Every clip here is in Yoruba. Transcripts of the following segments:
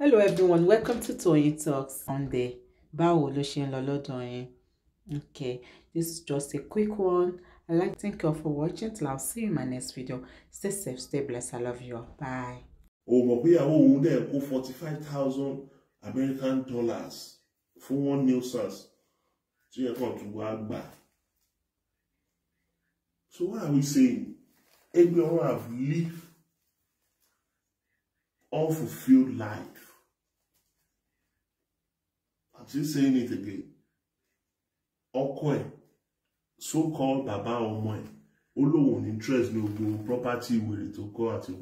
hello everyone welcome to Toyeen Talks Sunday báwo ló ṣe ń lọ lọ́dọ̀ yín okay this is just a quick one i like thank you all for watching till i'll see you in my next video stay safe stay blessed i love you all bye. òmò péyàwó òun dẹ̀ kó forty five thousand american dollars fún one nuisance tí ẹ kàn tún wá gbà so what are we saying ẹgbẹ́ wọn have lived unfulfilled life. She saying it again ọkọ so called Baba ọmọ ẹ̀ ó interest no gbogbo property ìwèrè to go at you.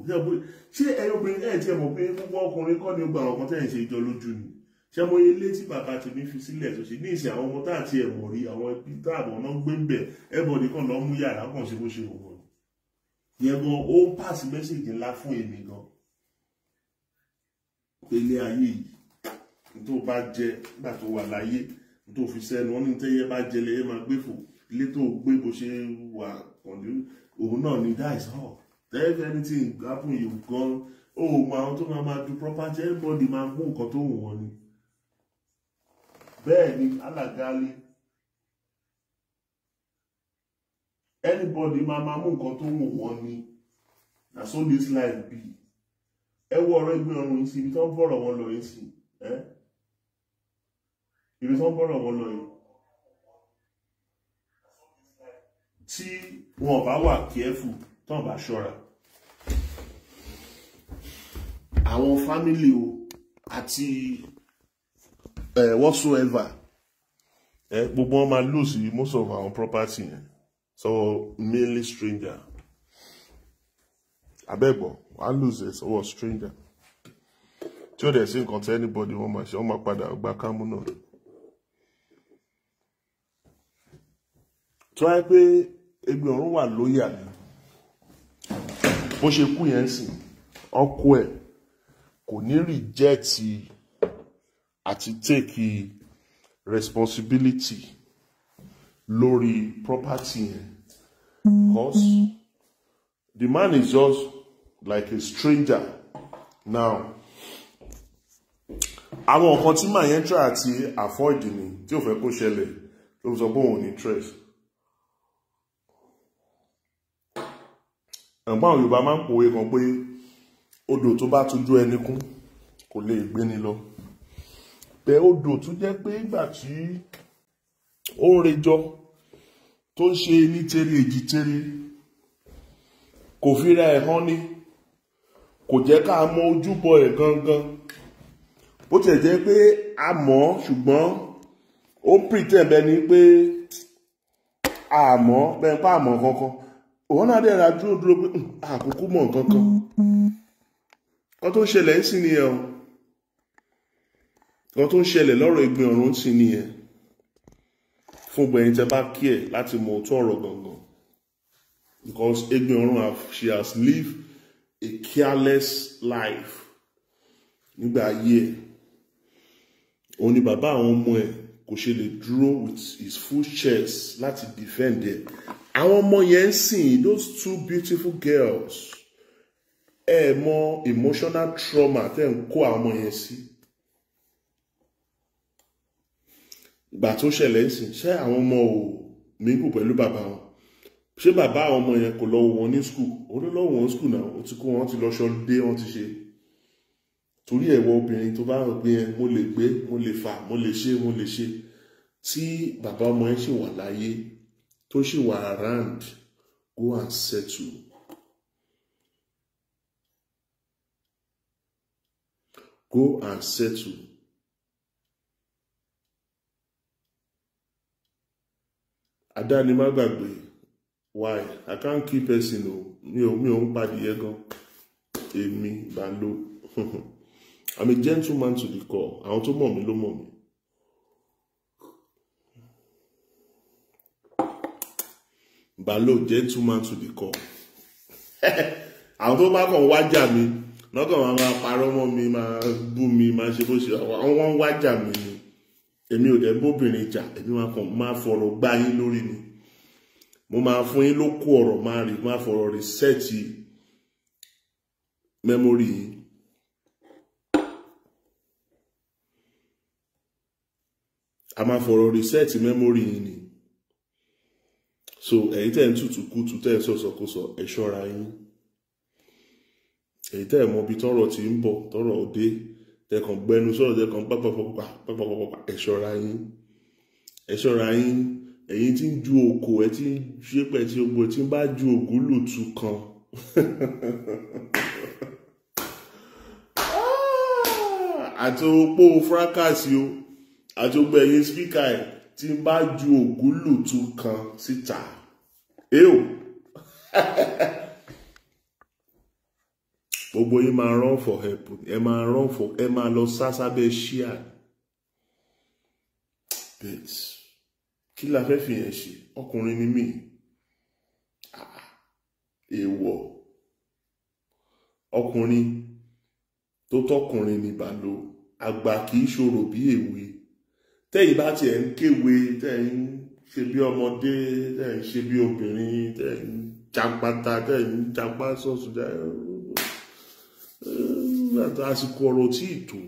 ṣé ẹyọ obìnrin ẹ tiẹ̀ mọ̀ pé gbogbo ọkùnrin kọ́ ni ó gba àwọn kan tẹ̀ ń ṣe ìjọ lójú ni ṣé mo yẹ ilé tí bàbá tèmi fi sílẹ̀ tó ṣe ní ìsìn àwọn ọmọ tá àti ẹ̀wọ̀n rí àwọn ẹbí tá àwọn náà ń gbé ń bẹ̀ ẹ̀bọ̀dì kan lọ́ọ́ mú yàrá kan ṣe bó ṣe òwò yẹn gan ó ń pàṣẹ mẹ́sẹ̀gì ńlá fún èmi gan pẹ̀lẹ́ tó bá jẹ nígbà tó wà láyé tó fi sẹ́nu wọn ní tẹ́yẹ bá jẹ lẹ́yẹ máa gbé fò ilé tó gbé bó ṣe wà òun náà ni that is all gan àwọn tó máa máa du property everybody máa mú nǹkan tó wù wọn ni bẹ́ẹ̀ ni alágàálí anybody máa máa mú nǹkan tó wù wọn ni na so this ibi tó ń bọ́rọ̀ wọn lọ yìí tí wọn bá wà kẹ́ẹ̀fù tán bá ṣọ́ra àwọn fámìlì o àti eh, whatsoever eh, gbogbo wọn máa lose most of our property yẹn so mainly stranger abẹ́gbọ̀ wàá lose ẹ̀ sọ́wọ́ stranger tí ó dẹ̀ sí nǹkan tí anybody wọ́n máa ṣe wọ́n máa padà gba kámú náà. tó wáyé pé egbè ọ̀run wà lóyè àná bó ṣe kú yẹn sìn ọkọ ẹ̀ kò ní rìjẹ́ẹ̀tì àti take responsibility lórí property yẹn because the man is just like a stranger now àwọn nǹkan tí màá yẹn try àti avoid ni tí ò fẹ́ kó ṣẹlẹ̀ ló sọ pé òun ní interest ẹ̀gbọ́n àwọn Yorùbá máa ń pòwe kan pé odò tó bá tún jó ẹni kún kò lè gbé ni lọ pé odò tún jẹ́ pé ìgbà tí ó ń rejọ tó ń ṣe ní tẹ́rí èjì tẹ́rí kò fira ẹ̀ hàn ni kò jẹ́ ká mọ ojúbọ ẹ̀ gangan bó tiẹ̀ jẹ́ pé a mọ̀ ṣùgbọ́n ó ń pìtẹ̀ bẹ́ẹ̀ pé àmọ́ bẹ́ẹ̀ pa àmọ́ kankan òun náà dẹ̀ra dúró dúró pé àkókò hmm, mọ̀ nǹkan kan kan tó ń ṣẹlẹ̀ ń sìn nìyẹn o kan tó ń ṣẹlẹ̀ lọ́rọ̀ ìgbìn ọ̀run ń sìn nìyẹn fún obìnrin tẹ bá kí ẹ̀ láti mọ òótọ́ ọ̀rọ̀ gangan because ìgbìn ọ̀run she has lived a careless life nígbà ayé ẹ̀ òun ni bàbá àwọn ọmọ ẹ̀ kò ṣe lè dúró with his full chest láti defend ẹ̀ àwọn ọmọ yẹn ń sìn those two beautiful girls ẹ eh, mọ emotional trauma tẹ́ ń kó àwọn ọmọ yẹn sí. ìgbà tó ṣẹlẹ̀ ń sìn ṣé àwọn ọmọ ò mímú pẹ̀lú bàbá wọn ṣé bàbá àwọn ọmọ yẹn kò lọ wò wọn ní skul ó ló lọ wò wọn skul náà ó ti kó wọn ti lọ ṣọlúdé wọn ti ṣe torí ẹ̀wọ̀ obìnrin tó bá rìn pé mo lè gbé mo lè fà mo lè ṣe mo lè ṣe tí bàbá ọmọ yẹn ṣì wà láyé tó sì wà around go and settle. go and settle. adáni má gbàgbé why i can't keep person o mi ò mi ò ń padìyẹ gan èmi i'm a gentleman to the core I want to mommy, ló mommy. Balo gentleman to the core àwọn tó bá kàn wájà mi lọ́kàn máa máa parọ́ mọ́ mi máa bú mi máa ṣe bó ṣe àwọn wọn wájà mi ni èmi ò dẹ̀ bóbìnrin jà èmi máa kàn máa fọ̀rọ̀ gbá yín lórí ni mo máa fún yín ló kó ọ̀rọ̀ máa rí máa fọ̀rọ̀ rìsẹ́ẹ̀tì mẹ́mórì yín. a máa fọ̀rọ̀ rìsẹ́ẹ̀tì mẹ́mórì yín ni so ẹ̀yin tẹ́ ń tutù kútu tẹ́ ń sọ̀sọ̀kósọ ẹ ṣọ́ra yín èyí tẹ́ ẹ̀ mọ ibi tọ́rọ̀ ti ń bọ̀ tọ́rọ̀ òde tẹkàn gbẹnu sọ̀rọ̀ tẹkàn pápápápápápápá ẹ ṣọ́ra yín ẹ ṣọ́ra yín ẹ̀yin tí ń ju òkò ẹ tí ń ṣépè tí gbogbo ẹ tí ń bá ju ògúlùtù kan àti opó fracasi o àti gbogbo ẹ̀yin spíkà ẹ tí ń bá ju ògúlùtù kan síta. Si Eu? Gbogbo yín máa run for help, ẹ máa run for ẹ máa lọ sásábẹ́ ṣíà. But kí la fẹ́ fi yẹn ṣe? Ọkùnrin ni mí. Ah, èèwọ̀. Ọkùnrin tó tọkùnrin ni bàlò. Àgbà kì í ṣòro bí èwe. Tẹ́yìn bá tiẹ̀ ń kéwe tẹ́yìn ṣe bí ọmọdé tẹ̀ ń ṣe bí obìnrin tẹ̀ ń jàpátá tẹ̀ ń jàpá sọ̀sùn jẹ́ àsìkò ọ̀rọ̀ tí ì tó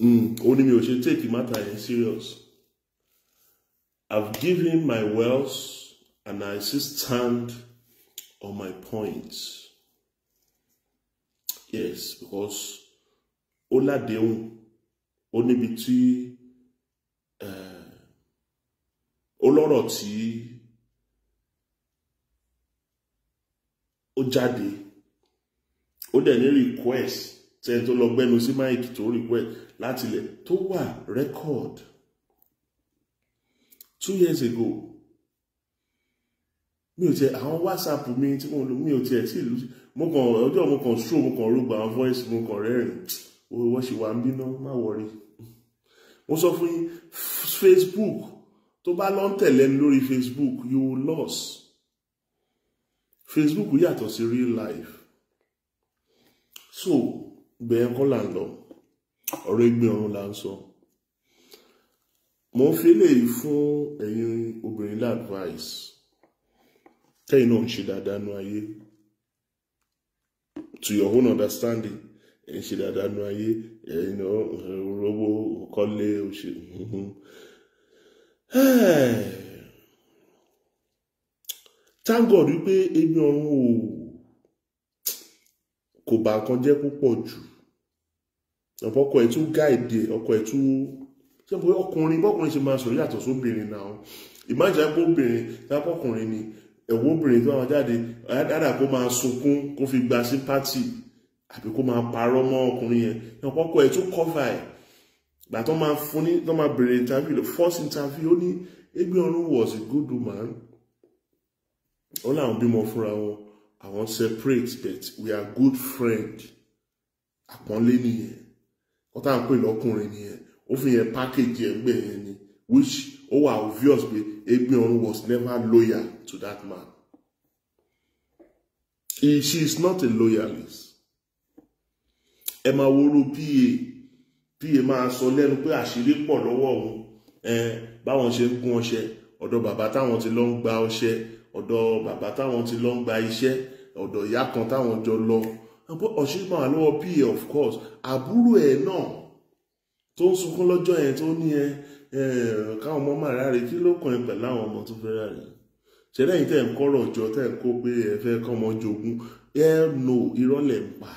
hmm, ó ní mi ò ṣe take matter in serious I've given my wealth and I still stand on my points yes because ó ládéhùn ó níbi tí ó lọ́rọ̀ tí ó jáde ó dẹ̀ ní request tẹ́ tó lọ gbẹ́nu sí máìkì tó request láti ilẹ̀ tó wà record two years ago mi ò tiẹ̀ àwọn whatsapp mi tí mo lò mi ò tiẹ̀ tí ìlú mo kàn ọjọ́ mo kàn show mo kàn rúgbà àwọn voice mo kàn rẹ́rìn-ín wọ́n ṣì wà ń bínú má wọrí mo sọ fún yín Facebook tó bá lọ ń tẹ̀lé ẹni lórí Facebook you will loss Facebook yàtọ̀ sí real life so bẹ́ẹ̀ kọ́ là ń lọ ọ̀rọ̀ ẹgbẹ́ ọ̀run là ń sọ mo ń fi eléyìí fún ẹ̀yin obìnrin láàdváìs kẹ́yìn náà ń ṣe dáadáa nu ayé to your own understanding ẹ̀ ń ṣe dáadáa nu ayé ẹ̀yin náà rọ́wọ́ kọ́lé òṣèlú thank God wípé èmi ọ̀run o kò bà nǹkan jẹ́ púpọ̀ jù ọ̀pọ̀ ọkọ ẹ̀ tún gáìdì ọkọ ẹ̀ tún ṣé bóyá ọkùnrin bọ́kùnrin ṣe máa sọ̀rọ̀ yàtọ̀ sóbìnrin náà ìmájà gbóbìnrin lápọ̀kùnrin ni ẹ̀wọ́ obìnrin tó máa jáde dáadáa kó máa sunkún kó fi gba sí pátì àbí kó máa parọ́ mọ́ ọkùnrin yẹn ọ̀pọ̀ ọkọ ẹ̀ tún kọ́fà ẹ̀ gbà tó máa fún ní tó máa bèrè interview the first interview ó ní Egbeorun was a good woman ó láwọn bímọ fúnra wọn àwọn separate but we are good friends. àpọ́nlé nìyẹn wọ́n tá à ń pè lọ́kùnrin nìyẹn ó fi yẹn package yẹn gbẹ̀ yẹn ni which ó wà obvious pé Egbeorun was never loyal to that man he she is not a loyalist ẹ máa wo orú pa tí èyí máa sọ lẹ́nu pé àṣírí pọ̀ lọ́wọ́ òun báwọn ṣe ń gún ọṣẹ ọ̀dọ̀ bàbá táwọn ti lọ ń gba ọṣẹ ọ̀dọ̀ bàbá táwọn ti lọ ń gba iṣẹ́ ọ̀dọ̀ ìyá kan táwọn jọ lọ pé ọ̀ṣírí máa lọ́wọ́ pa of course àbúrò ẹ̀ náà tó ń sunkún lọ́jọ́ yẹn tó ní ẹ káwọn ọmọ máa ráre kí ló kàn ẹ pẹ̀lú àwọn ọmọ tó fẹ́ ráre ṣẹlẹ́yìn tẹ̀ ń kọ́rọ̀ ọjọ́ tẹ̀ ń kó pé ẹ fẹ́ kọ́mọ jogún ẹ no irọ́ lẹ̀ ń pa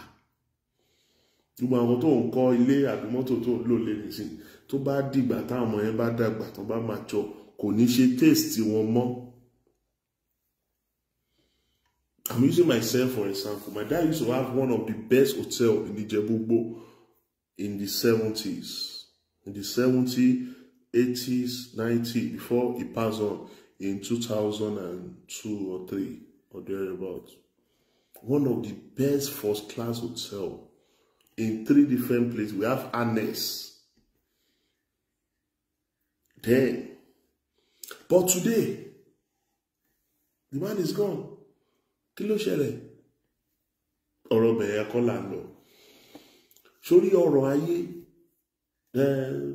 gbogbo àwọn tó ń kọ́ ilé àbí mọ́tò tó ń lò lé nìsín tó bá dìgbà táwọn ọmọ yẹn bá dàgbà tó bá máa jọ kò ní ṣe taste wọn mọ́. I'm using myself for example. My dad used to have one of the best hotel in Ijebugbo in the 70s. In the 70s, 80s, 90 before he passed on in two thousand and two or three or thereabout. One of the best first class hotel in three different places. We have annex. Then, but today, the man is gone. Kí ló ṣẹlẹ̀? Ọ̀rọ̀ bẹ̀rẹ̀ kọ́ là ń lọ. Sórí ọ̀rọ̀ ayé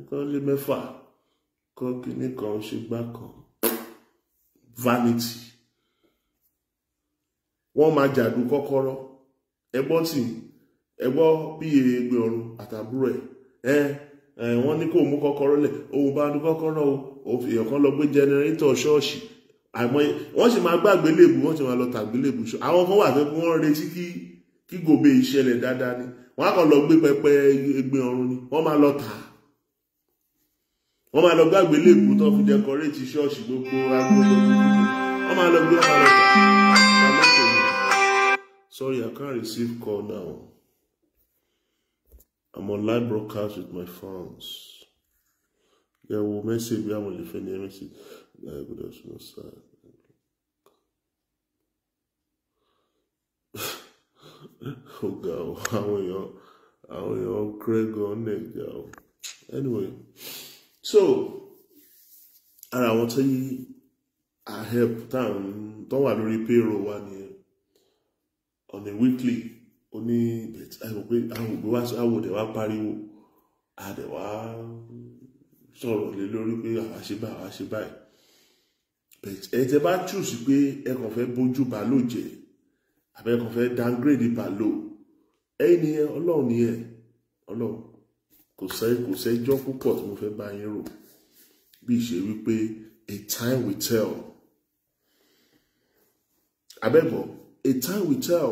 kọ́lé mẹ́fà kọ́ kínní kan ṣùgbà kan vanity. One man jàdú kọ́kọ́rọ́ ẹgbọ́n tì í ẹ gbọ́ pa egbe ọ̀run àtàbúrò ẹ̀ ẹ wọ́n ní kó mú kọ́kọ́rọ́ lẹ̀ òun bá ní kọ́kọ́rọ́ o èèyàn kan lọ gbé jẹnẹrétọ̀ ṣọ́ọ̀ṣì àmọ́ wọ́n sì máa gbàgbé léèbù wọ́n sì máa lọ tàgbé léèbù ṣọ́ àwọn kan wà pé kí wọ́n retí kí kí gòbè ìṣẹ̀lẹ̀ dáadáa ni wọ́n á kàn lọ gbé pẹpẹ egbe ọ̀run ni wọ́n máa lọ tà á wọ́n máa lọ gbàgbé léèbù tó fi dẹkọrétì ṣọ́ọ̀ṣì gbogbo agbóhùn wọ́n máa lọ gbé wọn lọ tà á. sorry I can't receive call now. I'm on live broadcast with my fans. Yeah, will message we have on different message. Uh, good afternoon, sir. oh God, how are you? How are you? Craig on neck, girl. Anyway, so and I want to tell you, I help them. Don't worry, payroll one year on a weekly ó ní àìmọ̀ pé àwọn òbí wa àwọn òdẹ̀ wa pariwo àdẹ̀ wa sọ̀rọ̀ lé lórí pé àwa ṣe báyìí àwa ṣe báyìí ẹ̀tẹ̀ bá chùsì pé ẹkàn fẹ́ bójú bàálò jẹ́ àbẹ́kàn fẹ́ downgrade bàálò ẹ̀yìn ni ọlọ́run ni ẹ̀ ọlọ́run kò sẹ́ kò sẹ́jọ́ púpọ̀ tí mo fẹ́ bá yín rò bí ìṣe wípé a time will tell abẹ́bọ̀ a time will tell.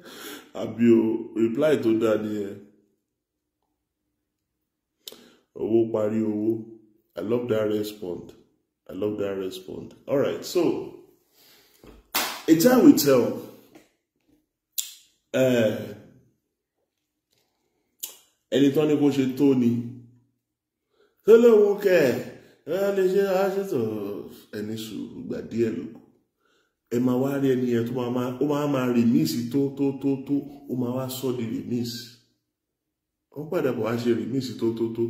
àbí o reply tó dáa nìyẹn owó parí owó i love that respond i love that respond alright so a time will tell eh, ẹni tán ni kò ṣe tó ni tó lóun kẹ ẹ ẹ lè ṣe aṣètò ẹni sùúrù gbà díẹ̀ lóko ẹ máa wá rí ẹni yẹn tó máa ó máa máa rìmíìsì tó tó tó tó ó máa wá sọ di rìmíìsì wọ́n padà bọ̀ wá ṣe rìmíìsì tó tó tó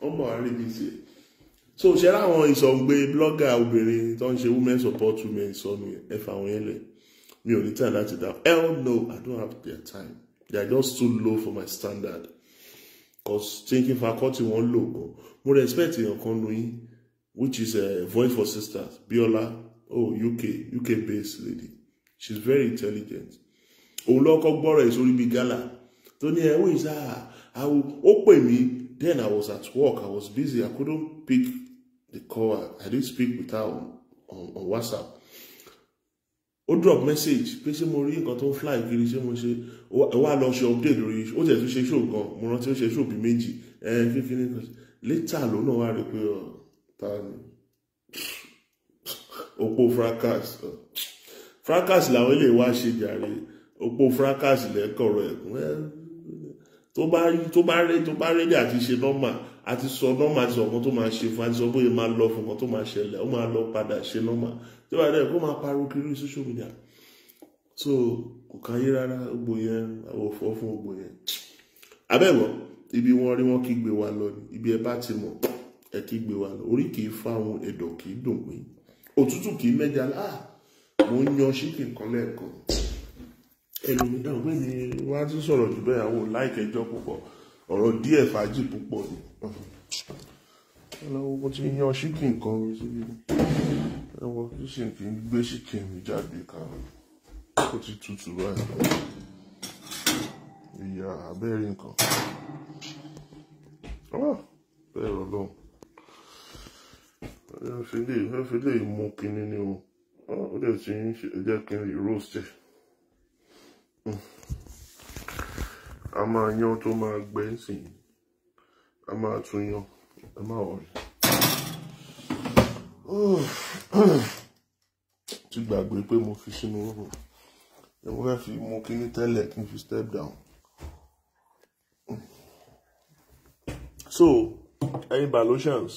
wọ́n bọ̀ wá rìmíìsì ẹ̀ so ṣe láwọn ìsọ̀ǹgbé blọ́gà obìnrin tó ń ṣe women support women sọnù ẹ fà wọ́n yẹn lẹ̀ mi ò ní time láti dá hell no i don't have their time they are just too low for my standard cause thinking faculty wọn lò gan mo respect èèyàn kan nu yín which is a eh, voice for sisters Biola oh UK UK based lady she's very intelligent òun lọ́kọ́ gbọ́rọ̀ ẹ̀ sórí bíi gala tó ní ẹ̀wọ̀n ìṣá àwọn ó pè mí then I was at work I was busy I couldn't pick the call I didn't speak with her on, on, on WhatsApp ó drop message pé ṣé mo rí nǹkan tó ń fly kiri ṣé mo ṣe wá lọ ṣe update lórí ó jẹ́ tún ṣe show gan mo rántí ó ṣe show bíi méjì ẹ̀ kékeré kan later lòun náà wá rí i pé ọ̀ oh, ta ni opó fracas fracas làwọn ilé wa ṣe jàre opó fracas lẹ́kọ̀ọ́rọ̀ ẹ̀kún ẹ̀ tó bá rí tó bá rí tó bá rédí àti ṣe nọ́mà àti sọ nọ́mà àti sọ ọ̀kan tó máa ṣe fún àti sọ bóyá máa lọ fún ọ̀kan tó máa ṣẹlẹ̀ ó máa lọ padà ṣe nọ́mà tó bá dẹ̀ kó máa pariwo kiri social media so kò káyé rárá gbogbo yẹn àwọn òfò fún gbogbo yẹn abẹ́wọ̀ ibi wọn rí wọn kígbe wa lọ ibi ẹ bá ti mọ̀ ẹ kígbe wa lọ orí kì í fáwọn ẹ̀dọ̀ kì í dùn pín òtútù kì í mẹ́ja lá ah, mo ń yan ṣíkìn kan lẹ́ẹ̀kan ẹlòmí dáhùn pé mi wá tún sọ̀rọ̀ jù bẹ́ẹ̀ àwọn láìkẹjọ́ púpọ̀ ọ̀rọ̀ díẹ̀ fàájì púpọ̀ ni ọlọ́wọ́ mo ti yan ṣíkìn kan síbi ẹwọ tó kì í gbé ṣíkìn mi jáde kàrọ̀ ó ti tutù báyìí ìyá abẹ́rẹ́ nǹkan ah, bẹ́ẹ̀ lọ́lọ́run ẹ fi lè ẹ fi lè mú kinní ni o ó dẹ̀ ti ń jẹ́ kí n lè roast a máa yan tó máa gbẹ nsìn a máa tún yan ẹ má wọlé ti gbàgbé pé mo fi sínú oòrùn ẹ mo fẹ́ fi mú kinní tẹ́lẹ̀ kí n fi step down so any hey, Balochans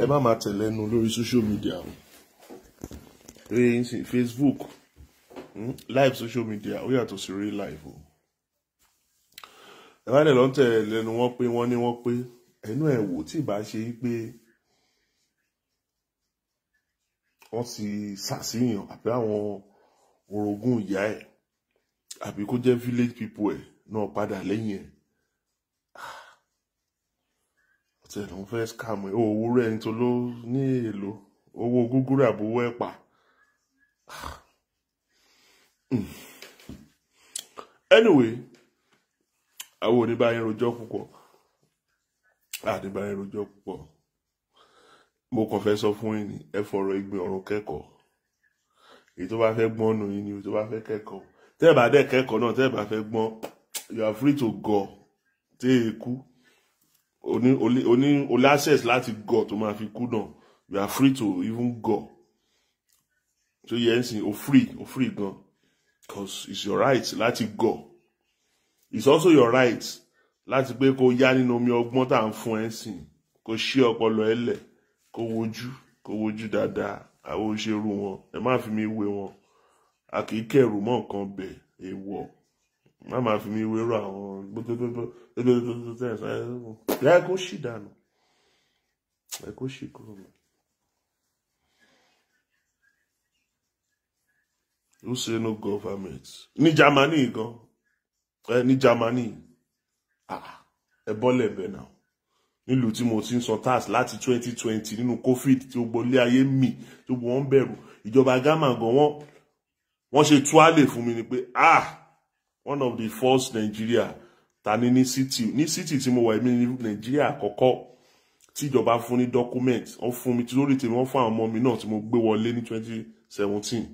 ẹ má máa tẹ̀lé ẹnu lórí social media o Facebook hmm, live social media ó yàtọ̀ sí real life o ẹ má dẹ̀ lọ́n tẹ̀ lẹ́nu wọn pé wọ́n ní wọ́n pé ẹnu ẹ̀ wò tí ì bá ṣe pé wọ́n ti ṣàṣìyàn àbí àwọn orogún ìyá ẹ̀ àbí kó jẹ́ village people ẹ̀ náà padà lẹ́yìn ẹ̀ tí fẹ́ scam ẹ̀ owó tó ló ní èlò owó gúgúrú àbówó ẹ̀pà anyway àwọn oníbàyẹn rojọ́ púpọ̀ àdìbàyẹn rojọ́ púpọ̀ mo kàn fẹ́ sọ fún yín ni ẹ fọ̀rọ̀ ìgbìn ọ̀rọ̀ kẹ́kọ̀ọ́ èyí tó bá fẹ́ gbọ́n nù yín ni èyí tó bá fẹ́ kẹ́kọ̀ọ́ tẹ́ bá dẹ̀ kẹ́kọ̀ọ́ náà tẹ́ bá fẹ́ gbọ́n you are free to go tẹ́ ẹ kú oní oní only, access láti gọ̀ tó máa fi kú náà you are free to even go. so yẹ n sin o free o free gan cause it's your right láti go. it's also your right láti pé kó yá nínú omi ọgbọ́n tá à ń fún ẹ sìn kó ṣí ọpọlọ ẹ lẹ̀ kó wojú kó wojú dáadáa àwọn òṣèrú wọn ẹ má fi mi wé wọn a kì í kẹrù mọ́ nǹkan bẹ́ẹ̀ èèwọ̀ má máa fi mi wérò àwọn gbótótótó tó tẹ̀ sọ ẹ́ ìyá ẹ̀kọ́ sì dànù ẹ̀kọ́ sì kúrò mọ́. who say no government ní Germany gan ẹ Germany ah, ẹ bọ́ lẹ́bẹ̀ẹ́ náà nílùú tí mo ti covid tí gbogbo ilé ayé mì tí gbogbo wọn bẹ̀rù ìjọba ghana gan wọn wọn ṣe tuálè fún mi ah one of the first Nigeria ta ni ní city ní city tí mo wà èmi ní Nigeria àkọ́kọ́ tíjọba fún ní document wọ́n fún mi tí lórí tèmi wọ́n fún àwọn ọmọ mi náà tí mo gbé wọlé ní twenty seventeen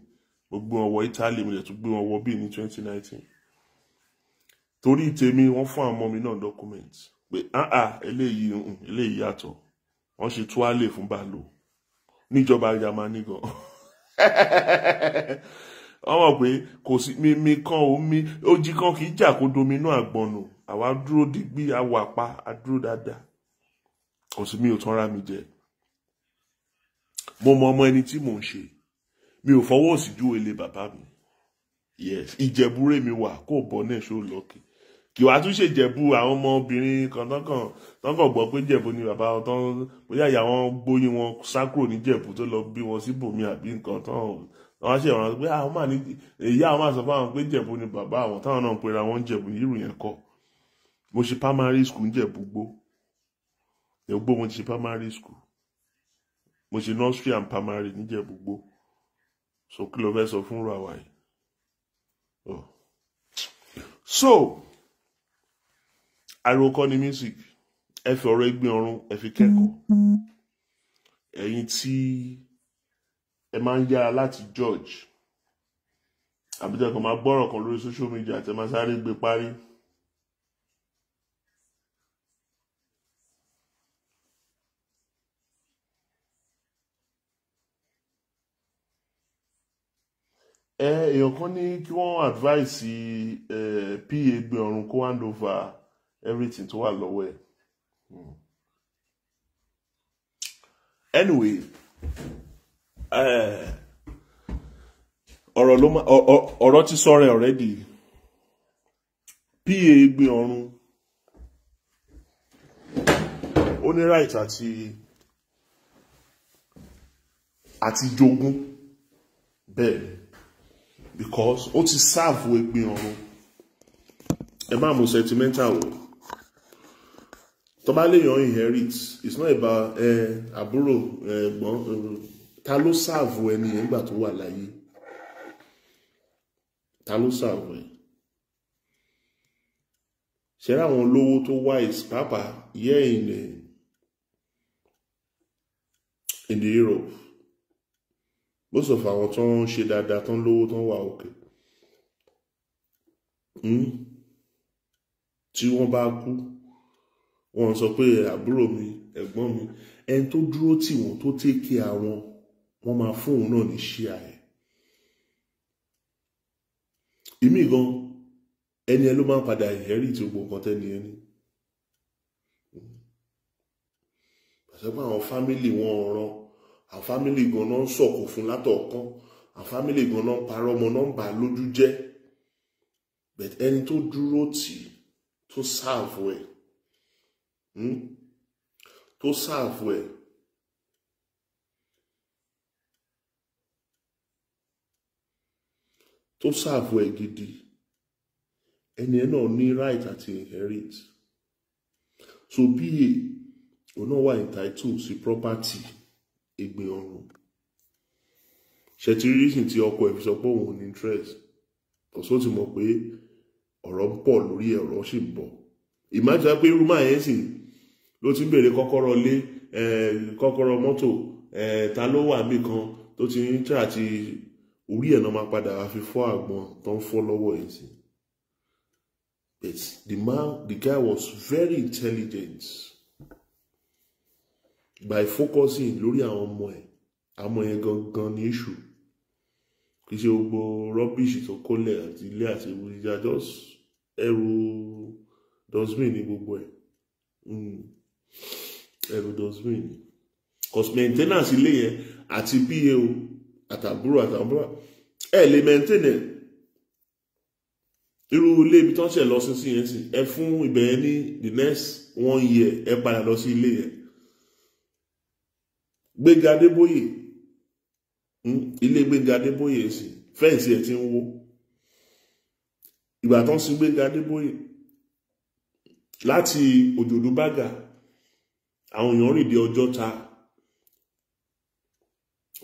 mo gbé wọn wọ Italy mo dẹ̀ tún gbé wọn wọ bíi ní twenty nineteen torí tèmi wọ́n fún àwọn ọmọ mi náà document pé áà eléyìí eléyìí yàtọ̀ wọ́n ṣe tuwálè fún Bello níjọba Jámánì gan wọ́n mọ̀ pé kò sí mímí kan omi ojì kan kì í jà kó dominú àgbọ̀nù àwa dúró digbí àwọ̀ àpá àdúró dáadáa kò sí mi ò tán ra mi jẹ mo mọ ọmọ ẹni tí mò ń ṣe mi ò fọwọ́ sí ju èlé bàbá mi yes ìjẹ̀búrẹ́ mi wà kó bọ́ náà ṣó lọ́kì kì wá tún ṣèjẹ̀bú àwọn ọmọbìnrin kan tọ́kàn tọ́kàn gbọ́ pé jẹ̀bú ni bàbá wọn tán bóyá ìyá wọn gbóyún wọn sá kúrò ní jẹ̀bú tó lọ bí wọn síbòmí àbí nǹkan tán wọ́n ṣe ìrànlọ́wọ́ pé àwọn ah, máa ní ìyá àwọn máa sọ pé jẹ̀bú ni bàbá àwọn táwọn náà ń pera wọn jẹ̀bú ní irú yẹn kọ́ mo ṣe primary school ń jẹ̀bú gbó ẹ̀gbó mo ṣe primary school mo ṣe nursery and primary ní jẹ̀bú gbó so kí ló fẹ́ sọ fún ra wa yìí oh. so àròkọ ni music ẹ fi ọ̀rọ̀ ẹgbẹ́ ọ̀run ẹ fi kẹ́kọ̀ọ́ ẹ̀yin tí ẹ máa ń yára láti judge àbíjẹ́kọ̀ máa gbọ́rọ̀ kan lórí social media tẹ máa sáré gbé parí. èèyàn kan ní kí wọ́n advice pa gbé ọ̀run kó hand over everything tó wà lọ́wọ́ ẹ̀. Hmm. anyway. Eh, ọ̀rọ̀ ti sọ already pa gbé ọrùn ó ní right àti àti jogun bẹ́ẹ̀ because ó ti sáàfù ẹgbẹ́ ọrùn ẹ má mú sentimental wọ̀ tó bá léèyàn inherit it's not about eh, eh, ta ló sáàvù ẹni yẹn nígbà tó wà láyé ta ló sáàvù ẹ ṣẹ́rẹ́ àwọn olówó tó wise pàápàá yẹ́ ìnẹ̀ in the Europe most of àwọn tó ń ṣe dáadáa tó ń lówó tó ń wà òkè hmm? tí wọ́n bá kú wọ́n sọ pé àbúrò mi ẹ̀gbọ́n mi ẹni tó dúró tì wọ́n tó take care àwọn wọ́n máa fún òun náà ní ṣíà ẹ̀ ìmí gan ẹni ẹ ló máa ń padà ìhẹ́rì tí gbogbo nǹkan tẹ́ni ẹni pàṣẹ pé àwọn fámìlì wọn ọ̀ràn àwọn fámìlì gan náà ń sọ̀kò fún látọ̀ọ̀kan àwọn fámìlì gan náà ń parọ́ ọmọ náà ń bà lójú jẹ́ bẹ̀t ẹni tó dúró tì tó sáàfù ẹ̀ hmm, tó sáàfù ẹ̀. tó sáàfù ẹ gidi ẹni ẹ náà ní right àti inherit so pa òun náà wà entitled sí property ẹgbẹ́ ọrùn ṣètìrí reason tí ọkọ ẹ fi sọ pé òun ní interest ọ̀sọ́ ti mọ̀ pé ọ̀rọ̀ ń pọ̀ lórí ọ̀rọ̀ sì ń bọ̀ ìmájà pé irú máa yẹn sì ló ti ń bèrè kọ́kọ́rọ́ lé eh, kọ́kọ́rọ́ mọ́tò eh, ta ló wà níbi kan tó ti ń tẹ́ àti orí ẹ̀ náà máa padà àfi fọ́ àgbọn tó ń fọ́ lọ́wọ́ ẹ̀ sí. But the man, the guy was very intelligent by focusing lórí àwọn ọmọ ẹ̀ àmọ́ yẹn gangan ní iṣu kì í ṣe gbogbo rọ́bìṣì tó kólẹ̀ àti ilé àti ewu jíjà just ẹrù dustbin ní gbogbo ẹ̀ hmm. ẹrù dustbin cos maintenance ilé yẹn àti pa o àtàbúrò àtàbúrò ẹ lè mẹ́ńtẹ́nẹ̀ irú ilé ibi tó ń ṣe lọ sí sí yẹn sí ẹ fún ibẹ̀ yẹn ní the next one year ẹ padà lọ sí ilé yẹn Gbénga Adébóyè hmm, ilé Gbénga Adébóyè sí fẹ́ǹsì ẹ̀ ti ń wó ìgbà tó ń sin Gbénga Adébóyè láti Òjòdú Bágà àwọn èèyàn rìn dé ta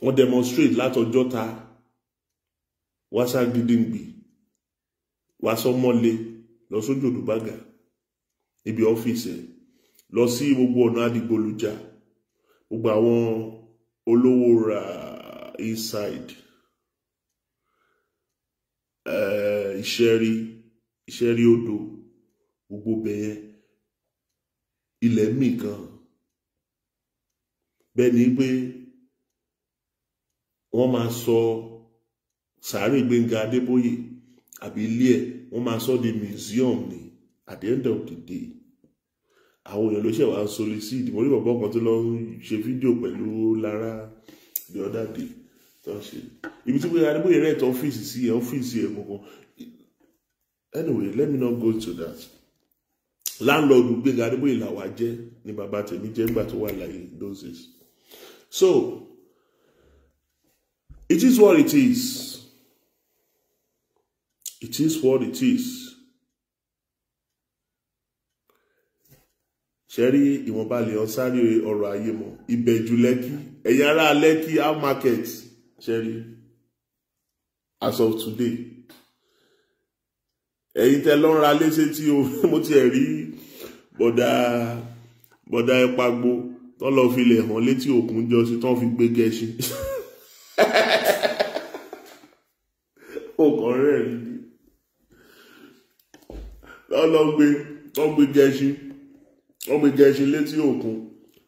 wọ́n demonstrate látọjọ́ ta wá ságídíngbì wá sọmọlé lọ sójú olùbágà níbi ọ́fíìsì ẹ̀ lọ sí gbogbo ọ̀nà àdìgbòlùjà gbogbo àwọn olówó ra inside eh, ìṣẹ́rí ìṣẹ́rí odò gbogbo bẹ̀yẹn ilẹ̀ mìkan bẹ́ẹ̀ ni pé wọ́n máa sọ sàárè Gbẹ́ngà Adébóyè àbí ilé ẹ̀ wọ́n máa sọ di museum ni at the end of the day àwọn èèyàn ló ṣe wá solicit mo rí bàbá kan tó lọ ṣe fídíò pẹ̀lú Lára the other day tó ń ṣe ibi tí Gbẹ́ngà Adébóyè rẹ̀ tó ọ́fíìsì sí ẹ̀ ọ́fíìsì ẹ̀ kankan anyway let me not go to that láńlọ́ọ̀dù Gbẹ́ngà Adébóyè làwa jẹ́ ni bàbá tèmi jẹ́ nígbà tó wà láyé those days so It is what it is. It is what it is. ṣẹ́rí ìwọ̀nba lè hàn sáré ọ̀rọ̀ ayé mọ̀ ìbẹ̀jù lẹ́kì ẹ̀yà ara lẹ́kì our market ṣẹ́rí as of today ẹ̀yin tẹ́ lọ́n ra léṣe tí o mo ti ẹ̀ rí bọ̀dà bọ̀dà ẹ̀pàgbó tọ́lọ́ fi lè hàn létí òkun jọ sí tán fi gbé gẹṣin. ọkàn rẹ̀ rí ni ọlọ́gbé ọgbé gẹṣin ọgbé gẹṣin létí òkun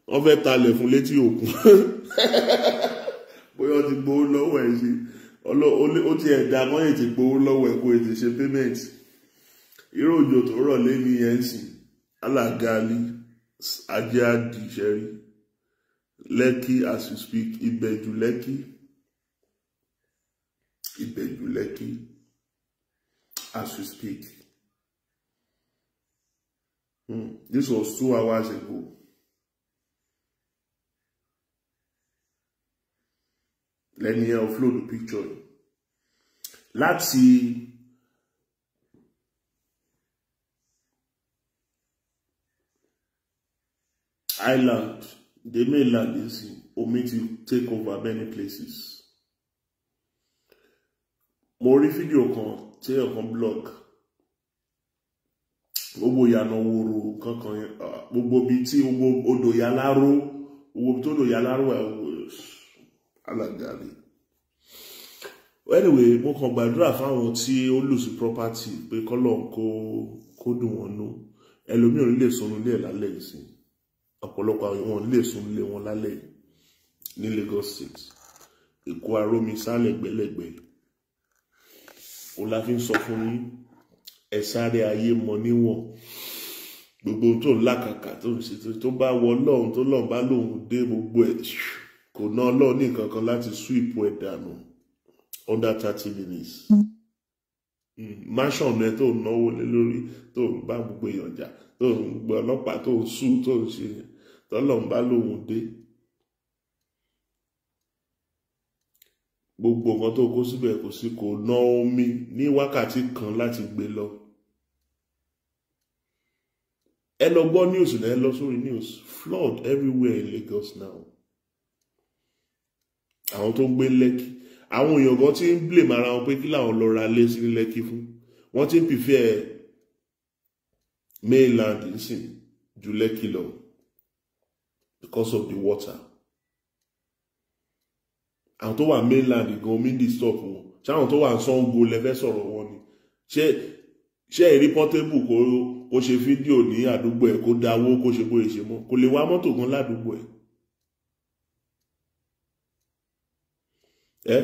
wọ́n fẹ́ talẹ̀ fún létí òkun bóyá ó ti gbowó lọ́wọ́ ẹ̀ ṣe ó ti ẹ̀dá kan ètè gbowó lọ́wọ́ ẹ̀ kó ètè ṣe payment irú òjò tó rọ̀ lé ní nc alágaali ajé àdìsẹ́rí lẹ́kì as you speak ìbẹ̀jù lẹ́kì. Ibeju Lekki as we speak. Hmm. This was two hours ago. Let me upload the picture. Láti island, the mainland is omi ti take over many places mo rí fídíò kan tí èèyàn kan blog gbogbo ìyànà wòrò kankan gbogbo bíi tí odò yaláró owó tó odò yaláró ẹ alàgàlè anyway mo kàn gbàdúrà fáwọn tí ó lose property pé kọ́lọ̀ kó kó dùn wọn nú ẹlòmíì ò ní lè sùn nílé ẹ̀ lálẹ́ yìí sí ọ̀pọ̀lọpọ̀ àwọn ò ní lè sùn nílé wọn lálẹ́ ní Lagos State Èkó arómi sálẹ̀ gbẹ́lẹ́gbẹ́ òun la fi ń sọ fún yín ẹ sáré ayé mọ níwọ̀n gbogbo tó ń làkàkà tó ń ṣe tó bá wọ lọ́hùn tó lọ́hùn bá lòun dé gbogbo ẹ̀ kò ná ọlọ́run ní nǹkan kan láti sú ipò ẹ̀ dànù under thirty minutes mansion rẹ tó ń náwó lé lórí tó ń bá gbogbo èèyàn jà tó ń gbọ́ ọlọ́pàá tó ń sú tó ń ṣe tọ́lọ́run bá lòun dé gbogbo nǹkan tó kó síbẹ̀ kò sí kò ná omi ní wákàtí kan láti gbé lọ ẹ lọ gbọ́ news náà ẹ lọ sórí news flood everywhere in Lagos now àwọn tó ń gbé Lẹ́kì àwọn èèyàn kan ti ń blame ara wọn pé kí làwọn lọ ra lé sí Lẹ́kì fún wọ́n ti ń pìfẹ́ mainland nsìn ju Lẹ́kì lọ because of the water àwọn tó wà mainland gan omi ní stop wọn ṣé àwọn tó wà Ṣàngó lẹfẹ sọ̀rọ̀ wọn ni ṣé ṣé èrí Portable kó kó ṣe fídíò ní àdúgbò ẹ̀ kó dáwó kó ṣe bóyè ṣe mọ́ kó lè wá mọ́tò gan ládùúgbò ẹ̀. ẹ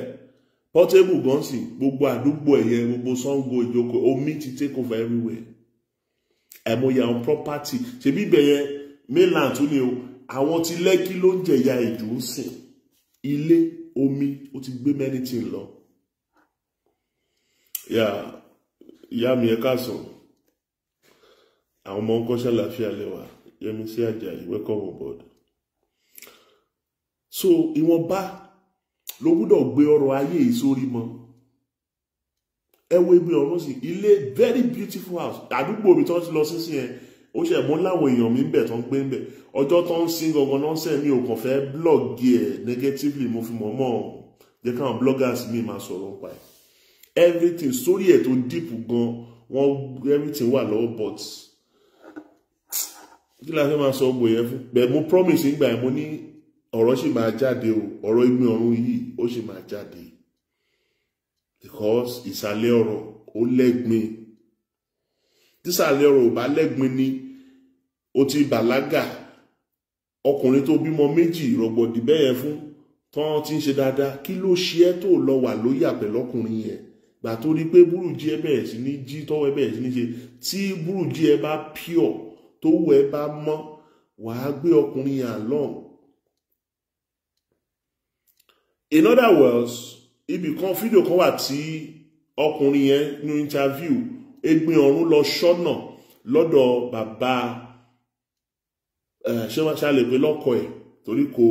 Portable gan sì gbogbo àdúgbò ẹ̀ yẹn gbogbo Ṣàngó ìjókòó omi ti take over everywhere ẹ̀mọ̀yà àwọn property ṣèbí ibẹ̀ yẹn mainland tún ni o àwọn ti Lẹ́kí ló ń jẹ̀yà ìjù ilé omi ó ti gbé many thing lọ yà ìyá mi ẹ káàsán àwọn ọmọ ń kọ́ṣẹ́ àlàáfíà lẹ́wà Yẹmisí Àjàyí welcome aboard. so ìwọ̀nba ló gbúdọ̀ gbé ọrọ̀ ayé yìí sórí mọ́ ẹ wo ibi ọ̀run sí ilé very beautiful house àdúgbò mi tó ń lọ sí sí yẹn ó ṣe mọ́ láwọn èèyàn mi ń bẹ̀ tó ń gbé ń bẹ̀ ọjọ́ tó ń sin gangan nọ́ọ̀sẹ̀ ní òkàn fẹ́ blọ́ọ̀gì ẹ̀ negatively mo fi mọ̀ọ́mọ̀ jẹ́ káwọn bloggers mi máa sọ̀rọ̀ nípa ẹ̀ everything sórí ẹ̀ tó deep gan wọ́n everything wà lọ́wọ́ but kí la fẹ́ máa sọ gbòye fún bẹ́ẹ̀ mo promise nígbà yẹn mo ní ọ̀rọ̀ sì máa jáde o ọ̀rọ̀ ìgbín ọ̀run yìí ó sì máa jáde because ìsàlẹ̀ ọ̀rọ̀ ó lẹ́gbin tísàlẹ̀ ọ̀rọ̀ ò bá lẹ́gbin ni o ti bàlágà ọkùnrin tó bímọ méjì rọ̀gbọ̀dì bẹ́yẹn fún tán ti ń ṣe dáadáa kí ló ṣe ẹ́ tó lọ wà lóyè àpẹ̀lọ́kùnrin yẹn gbà tó rí pé búrùjí ẹ bẹ̀rẹ̀ sí ní jí tọ́wọ́ ẹ bẹ̀rẹ̀ sí ní ṣe tí búrùjí ẹ bá pure tó wù ẹ bá mọ́ wàá gbé ọkùnrin yẹn along. in other words ibì kan fídíò kan wà tí ọkùnrin yẹn ní interview egbin ọ̀run lọ ṣọ́nà lọ́dọ̀ bàbá eh, ṣé wọ́n ṣàlè pé lọ́kọ ẹ̀ torí kò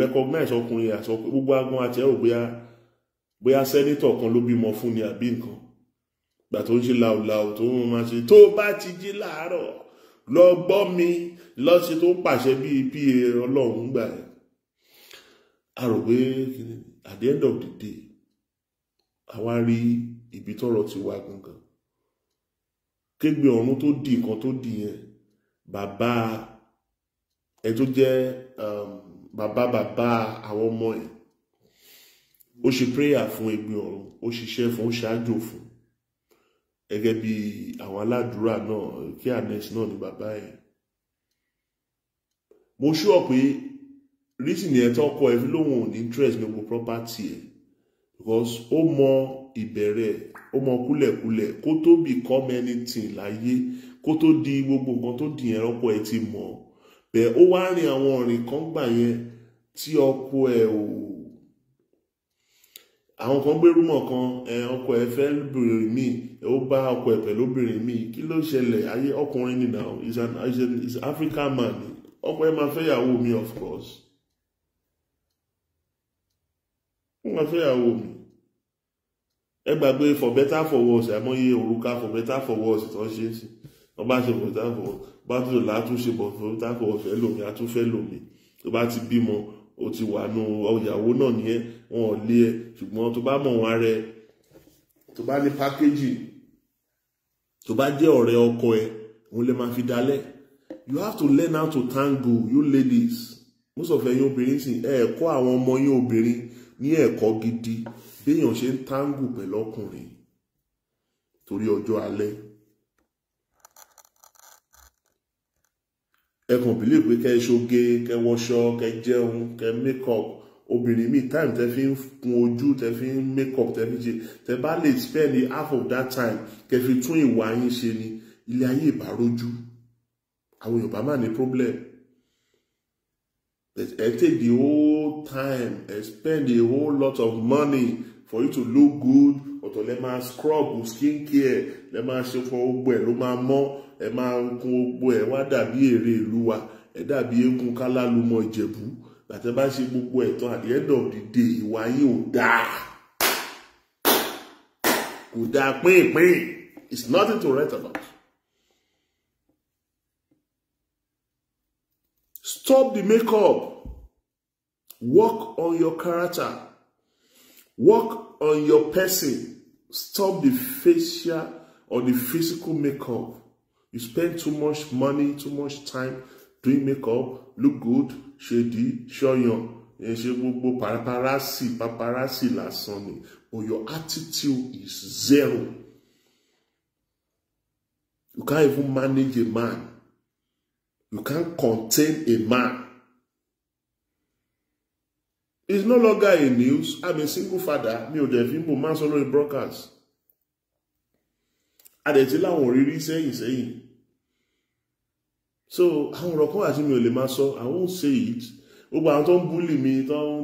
recognize ọkùnrin àti gbogbo agbọn àti ẹ̀rọ bóyá bóyá sẹ́nítọ̀ kan ló bímọ fún ni àbí nǹkan gbà tó ń ṣe làwùlàwù tó ń máa ṣe tó bá ti jí láàárọ̀ lọ gbọ́ mi lọ́sí tó pàṣẹ bíi pa ọlọ́run gbà ẹ̀ a rò pé at the end of the day àwa rí ibi tọ́rọ̀ ti wá gangan kégbe ọ̀run tó di nǹkan tó di yẹn bàbá ẹ tó jẹ́ um, bàbá bàbá àwọn ọmọ ẹ̀ ó ṣe prayer fún egbe ọ̀run ó ṣiṣẹ́ fún ó ṣáájò fún gẹ́gẹ́ bí àwọn aládùúrà náà kí ànẹ́sì náà ni bàbá ẹ̀ mo ṣúọ̀ pé reason yẹn tó kọ fi lóhùn ní interest gbogbo property ẹ because ó mọ ìbẹ̀rẹ̀ ó mọ kúlẹ̀kúlẹ̀ kó tó become anything láyé kó tó di gbogbo nǹkan tó di yẹn ọkọ ẹ̀ ti mọ̀ bẹ́ẹ̀ ó wá rin àwọn ọ̀rìn kan gbà yẹn tí ọkọ ẹ̀ ò àwọn kan gbé rúmọ̀ kan ọkọ ẹ̀ fẹ́ lóbìnrin mi ó bá ọkọ ẹ̀ pẹ̀lú obìnrin mi kí ló ṣẹlẹ̀ ayé ọkùnrin nìyà is an is African man ọkọ ẹ̀ máa fẹ́yàwó mi of course ó máa fẹ́yàwó mi ẹ gbàgbé for better for worse àmọye òrùka for better for worse tó ń ṣe é sí wọn bá ṣe for better for worse bá tó lọ́la tún ṣe for better for worse fẹ́ lómi àtúnfẹ́ lómi tó bá ti bímọ o ti wà nù ọ̀yàwó náà nìyẹn wọn ò lé ẹ ṣùgbọ́n tó bá mọ̀ wọn ara ẹ tó bá ní pákéjì tó bá jẹ́ ọ̀rẹ́ ọkọ ẹ òun lè máa fi dalẹ̀ you have to learn how to tango you ladies most of ẹ̀yin obìnrin sì ẹ̀ kọ́ àwọn ọmọ yín obìnrin ní ẹ̀kọ́ gidi béèyàn ṣe ń tángù pẹ̀lú ọkùnrin torí ọjọ́ alẹ́ ẹkùn bìlẹ̀ pé kẹ́ ṣoge kẹ́ wọṣọ kẹ́ jẹun kẹ́ makeup obìnrin mi time tẹ́ fi ń kun ojú tẹ́ fi ń makeup tẹ́ fi ṣe tẹ́ bá lè spend the half of that time kẹ́ fi tún ìwà yín ṣe ni ilé ayé ìbá rojú àwọn Yorùbá máa ní problem and take the whole time and spend a whole lot of money for you to look good ọ̀tọ̀ lẹ́ máa scrub skin care lẹ́ máa ṣe fọ gbogbo ẹ̀ ló máa mọ́ ẹ máa kun gbogbo ẹ̀ wá dàbí èrè ìlú wa ẹ dàbí eégún kálálùmọ̀ ìjẹ̀bú àti bá ṣe gbogbo ẹ̀tàn at the end of the day ìwà yìí ò dáa Da dáa pínpín it's nothing to write about. Stop the makeup. Work on your character. Work on your person. Stop the facial or the physical makeup. You spend too much money, too much time doing makeup, look good, shady, shoyan. ṣe gbogbo paparazzi paparazzi lásán ni but your attitude is zero. You can't even manage a man You can't contain a man. It's no longer a news. I'm a single father. Me, ò dẹ̀ fi ń bò brokers. ń sọ lórí broadcast. Adẹ̀tí láwọn òrírí So àwọn ọ̀rọ̀ kan àti mi ò lè máa I won't say it. Gbogbo àwọn tó ń búlì mi,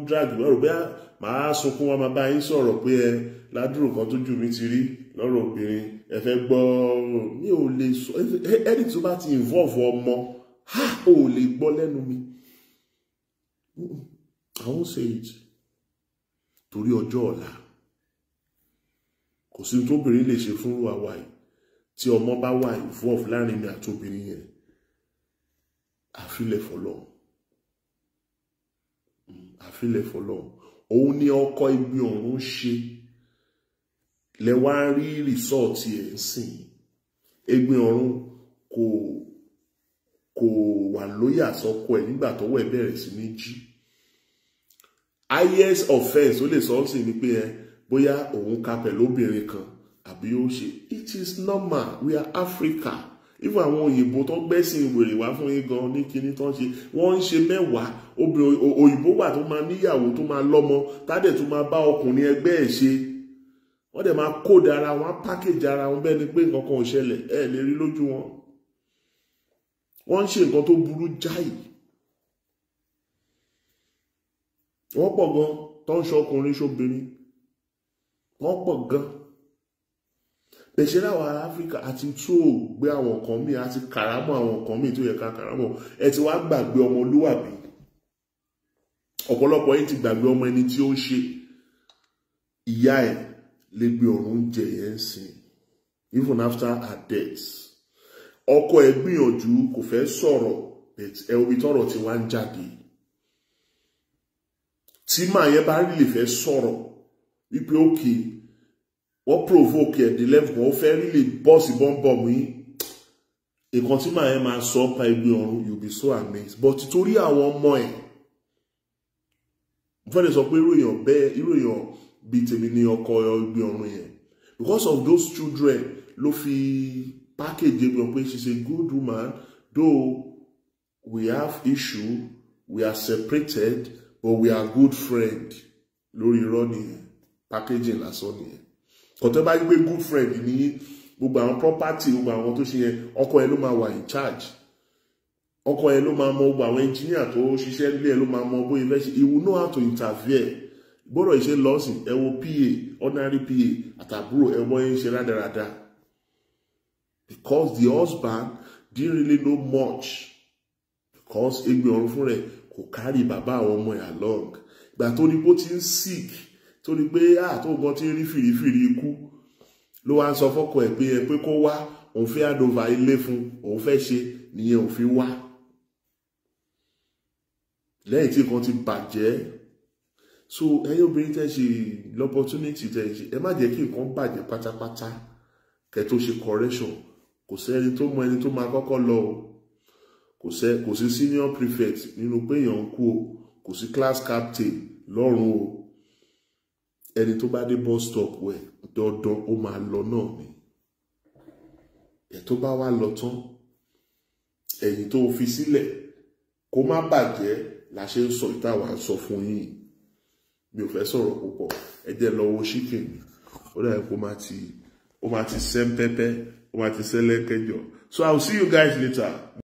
drag me. ọ̀rọ̀ bẹ́ẹ̀ My ass. wa come bá my sọ̀rọ̀ pé ẹ eh, ládùúrò kan tó jù You ti rí lọ́rọ̀ obìnrin. Ẹ fẹ́ gbọ́ mi ò lè sọ, ẹni tó bá ti involve ọmọ. ò lè gbọ́ lẹ́nu mi I won't say it torí ọjọ́ ọ̀la kò sí tóbìnrin lè ṣe fún àwa yìí tí ọmọ bá wà involve láàrin mi àti obìnrin yẹn àfilẹ̀ fọlọ́ àfilẹ̀ fọlọ́ òun ni ọkọ ibi ọ̀run ṣe lẹ wá rí rìsọ́ọ̀tì ẹ̀ ń sìn ẹgbin ọ̀run kò kò wà lóyà sọ́kọ ẹ̀ nígbà tọ́wọ́ ẹ̀ bẹ̀rẹ̀ sí ní jí highest offence ó lè sọ ọ́ sí ni pé ẹ bóyá òun kapẹ̀ lóbìnrin kan àbí ó ṣe it is normal we are Africa even àwọn òyìnbó tó gbẹ́sìn wèrè wá fún yín gan ní kinní tó ń ṣe wọ́n ń ṣe mẹ́wàá obìnrin òyìnbó wà tó máa níyàwó tó máa lọ́mọ tádẹ̀ tó máa bá ọkùnrin ẹgbẹ́ ẹ̀ ṣe wọ́n dẹ̀ máa kóde ara wọn á pákéjì ara wọn bẹ́ẹ̀ ni pé nǹkan kan ò ṣẹlẹ̀ ẹ̀ lè rí lójú wọn wọ́n ń ṣe nǹkan tó burú jáì wọ́n pọ̀ gan tó ń ṣọkùnrin ṣobìnrin wọ́n pọ̀ gan tẹ̀sẹ̀ láwọn ará áfíríkà àti tó gbé àwọn kan míì àti kàrámọ̀ àwọn kan míì tó yẹ ká kàrámọ̀ ẹ ti wá gbàgbé ọmọlúwàbí ọ̀pọ̀lọpọ̀ yìí ti gbàgbé ọmọ ẹni tí ó ń ṣe ìyá ẹ̀ lè gbé ọ̀run jẹ yẹn sìn even after her death ọkọ ẹ gbìyànjú kò fẹ́ sọ̀rọ̀ ẹ omi tọ̀rọ̀ tí wọ́n ń jáde tí màá yẹn bá rí lè fẹ́ sọ̀rọ̀ wípé òkè wọ́n provoke ẹ̀dín lẹ́fọ̀ọ́ ó fẹ́ rí lè bọ́ọ̀sì bọ́m̀bọ̀mù yín nǹkan tí màá yẹn máa sọ pa ibi ọ̀run you be so amazed but torí àwọn ọmọ ẹ̀ mo fẹ́ lè sọ pé irú èèyàn bẹ́ẹ̀ irú èèyàn bíi tèmi ni ọkọ ibi ọ̀run yẹn because of those children ló fi package Gabriel Queen. She's a good woman, though we have issue, we are separated, but we are good friend. Lórí Ronnie packaging lásán nìyẹn. Kọ̀tẹ́ bá good friend ni gbogbo àwọn property gbogbo àwọn tó ṣe yẹn, ọkọ ẹ in charge. Ọkọ Eluma mo máa mọ engineer to. She said ẹ ló máa mọ bóyá He will know how to interfere Boro ishe lọ́sìn Ewo pa ordinary pa àtàbúrò ẹ wọ́n ń ṣe rádaràda because the husband didn't really know much because egbe ọrùn fún rẹ̀ kò carry Baba àwọn ọmọ ẹ̀ along ìgbà tó ní bó ti sick, sick tó ní pé àtòun gan ti ń rí fìrífìrí ikú ló wá ń sọ fọ́kọ ẹ̀ pé ẹ pé kó wá òun fẹ́ àdóva ilé fún òun fẹ́ ṣe nìyẹn òun fi wá lẹ́yìn tí nǹkan ti bàjẹ́ so ẹ̀yin obìnrin tẹ́ ṣe l'opportunity tẹ́ ṣe ẹ má jẹ́ kí nǹkan bàjẹ́ pátápátá kẹ́ tó ṣe correction kò sẹ́ni tó mọ ẹni tó máa kọ́kọ́ lọ o kò sẹ́ kò sí senior prefect nínú pé èèyàn ń kú o kò sí class captain lọ́rùn o ẹni tó bá dé bus stop wẹ̀ dandan ó máa lọ náà ni ẹ̀ tó bá wá lọ tán ẹ̀yìn tó fi sílẹ̀ kó má bàjẹ́ la ṣe ń sọ ìtawà ń sọ fún yín mi ò fẹ́ sọ̀rọ̀ púpọ̀ ẹ jẹ́ lọ chicken ó dàbí kó má ti ó má ti sẹ́ńpẹ́pẹ́. Watisele Kejo. So I'll see you guys later.